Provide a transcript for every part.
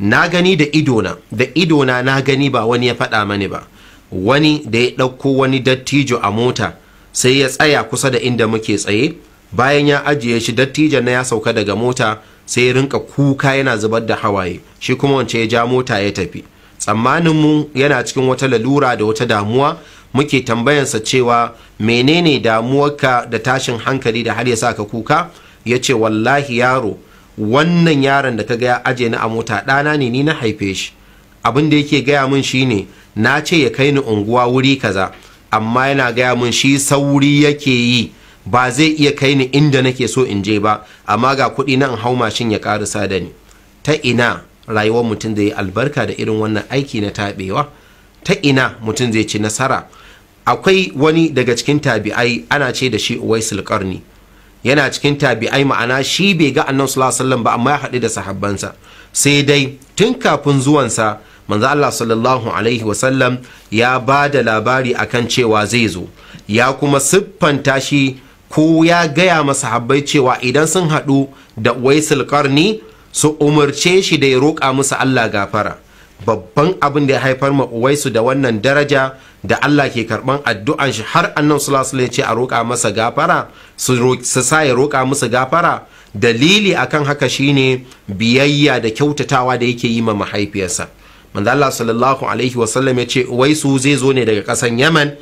na gani da idona da idona na gani ba wani ya faɗa mani ba wani da ya ɗauko wani dattijo a mota sai ya tsaya kusa da inda muke tsaye bayan ya ajiye shi dattijon na ya sauka daga mota sai ya rinka kuka yana zubar da hawaye shi kuma wance ya ja mota ya tafi tsammanin mu yana cikin wata lalura da wata damuwa muke tambayansa cewa menene damuwarka da tashin hankali da har ya sa ka kuka ya ce wallahi yaro wannan yaron da ka gaya aje ni a mota ɗana ne ni na haife shi abin da yake gaya min ne na ce ya kai ni unguwa wuri kaza amma yana gaya min shi sauri yake yi ba zai iya kai ni inda nake so in je ba amma ga kuɗi na in hau mashin ya ƙarisa da ni ta ina rayuwar mutum zai albarka da irin wannan aiki na taɓewa ta ina mutum zai ci nasara akwai wani daga cikin tabi'ai ana ce da shi uwaisul karni yana cikin tabi'ai ma'ana shi bai ga annabi sallallahu alaihi ba amma ya haɗu da sahabbansa sai dai tun kafin zuwansa manzo Allah sallallahu alaihi wasallam ya ba da labari akan cewa zai zo ya kuma siffanta shi ko ya gaya masa habbai cewa idan sun haɗu da waisul karni su umarce shi da ya roƙa musu Allah gafara babban abin da ya haifar ma uwaisu da wannan daraja da Allah ke karban addu'an shi har annan ya ce a roƙa masa gafara su sa ya roƙa musu gafara dalili akan haka shine biyayya da kyautatawa da yake yi ma mahaifiyarsa manzo Allah sallallahu alaihi sallam ya ce uwaisu zai zo ne daga ƙasan Yaman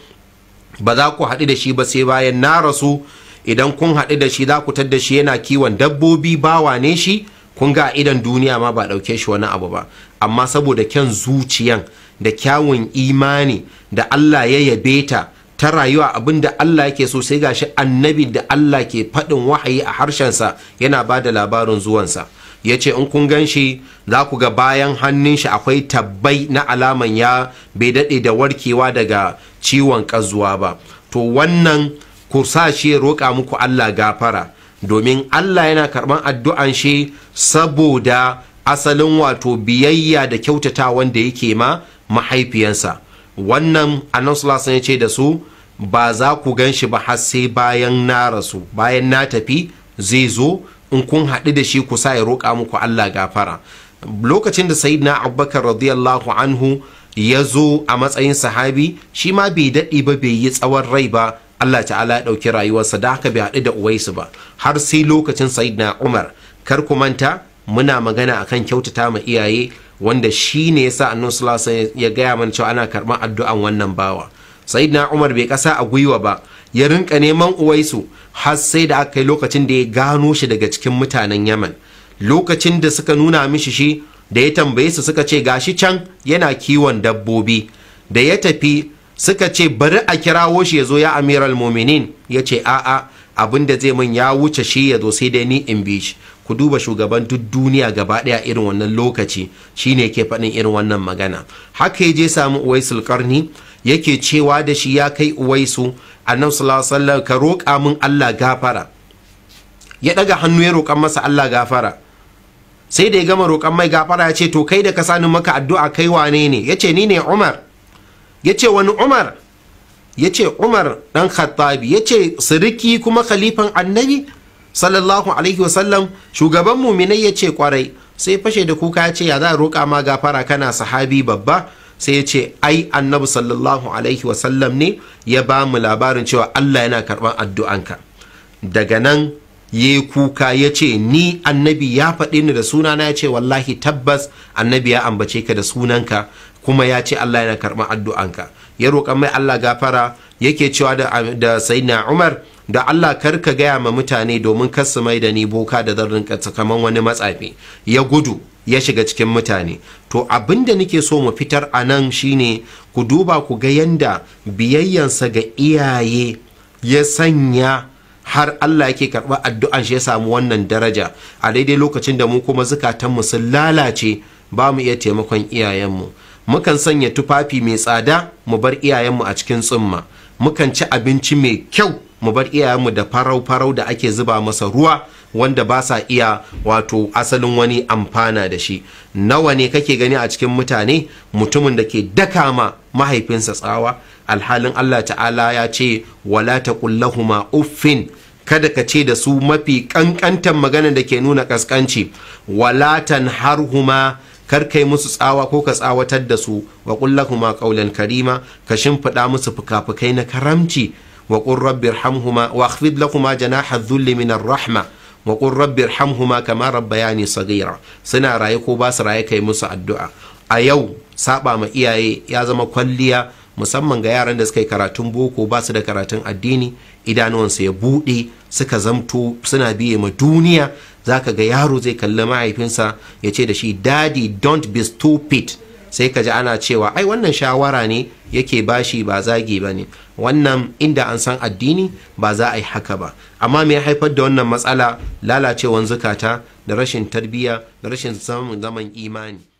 ba za ku haɗu da shi ba sai bayan na rasu idan kun haɗu da shi za ku tadda shi yana kiwon dabbobi bawa ne shi kun ga idan duniya ma ba ɗauke shi wani abu ba amma saboda kyan zuciyan da kyawun imani da Allah ya yabe ta ta rayuwa abin da Allah yake so sai gashi annabi da Allah ke faɗin wahayi a harshensa yana ba da labarin zuwansa ya ce in kun gan shi za ku ga bayan hannun shi akwai tabbai na alaman ya bai daɗe da warkewa daga ciwon ƙazuwa ba to wannan ku sa shi roƙa muku Allah gafara domin Allah yana karɓan addu'an shi saboda asalin wato biyayya da kyautata wanda yake ma mahaifiyansa wannan annabi ya ce da su ba za ku gan shi ba har sai bayan na rasu bayan na tafi zai zo in kun haɗu da shi ku sa ya roƙa muku Allah gafara lokacin da sayyidina abubakar radiyallahu anhu ya zo a matsayin sahabi shi ma bai daɗe ba bai yi tsawon rai ba Allah ta'ala ya ɗauki rayuwarsa da haka bai haɗu da uwaisu ba har sai lokacin na umar kar ku manta muna magana akan kyautata ma iyaye wanda shi ne ya sa annon sulasa ya gaya mana cewa ana karɓar addu'an wannan bawa na umar bai kasa a gwiwa ba ya rinka neman uwaisu har sai da aka yi lokacin da ya gano shi daga cikin mutanen yaman lokacin da suka nuna mishi shi da ya tambaye su suka ce gashi can yana kiwon dabbobi da ya tafi suka ce bari a kirawo shi ya zo ya amiral Muminin? ya ce a'a abin da zai min ya wuce shi ya zo sai dai ni in bi shi ku duba shugaban duk duniya gaba daya irin wannan lokaci shine ke faɗin irin wannan magana haka ya je samu uwaisul karni yake cewa da shi ya kai uwaisu annabi sallallahu alaihi ka roƙa min Allah gafara ya daga hannu ya roƙan masa Allah gafara sai da ya gama roƙan mai gafara ya ce to kai da ka sani maka addu'a kai wane ne ya ce ni ne Umar ya ce wani umar ya ce umar dan khattabi ya ce siriki kuma khalifan annabi sallallahu alaihi wasallam shugaban muminai ya ce kwarai sai fashe da kuka ya ce ya za a roƙa ma gafara kana sahabi babba sai ya ce ai annabi sallallahu alaihi wasallam ne ya ba mu labarin cewa allah yana karɓar addu'anka daga nan ya kuka ya ce ni annabi ya faɗi ni da sunana ya ce wallahi tabbas annabi ya ambace ka da sunanka kuma ya ce Allah yana karɓar addu'anka ya roƙa mai Allah gafara yake cewa da da sayyidina Umar da Allah kar ka gaya ma mutane domin kar su mai da ni boka da zan rinka kaman wani matsafi ya gudu ya shiga cikin mutane to abin da nake so mu fitar a nan shine ku duba ku ga yanda biyayyansa ga iyaye ya sanya har Allah yake karɓar addu'an shi ya samu wannan daraja a daidai lokacin da mu kuma zukatanmu sun lalace ba mu iya taimakon iyayenmu mukan sanya tufafi mai tsada mu bar iyayenmu a cikin tsumma mukan ci abinci mai kyau mu bar iyayenmu da farau-farau da ake zuba masa ruwa wanda ba sa iya wato asalin wani amfana da shi nawa ne kake gani a cikin mutane mutumin da ke daka ma mahaifinsa tsawa alhalin Allah ta'ala ya ce wala ta kullahuma uffin kada ka ce da su mafi kankantan magana da ke nuna kaskanci wala tanharhuma kar kai musu tsawa ko ka tsawatar da su wa kullahuma qawlan karima ka shimfiɗa musu fukafukai na karamci wa qur hamhuma. wa akhfid lahuma janaha dhulli min rahma wa qur rabbirhamhuma kama rabbayani saghira suna raye ko ba su raye kai musu addu'a a yau saɓa ma iyaye ya zama kwalliya musamman ga yaran da suka yi karatun boko ba su da karatun addini idanuwansu ya buɗe suka zamto suna biye ma duniya za ka ga yaro zai kalli mahaifinsa ya ce da shi daddy don't be stupid sai ka ji ana cewa ai wannan shawara ne yake bashi ba zagi ba ne wannan inda an san addini ba za a yi haka ba amma mai haifar da wannan matsala lalacewan zukata da rashin tarbiyya da rashin zaman imani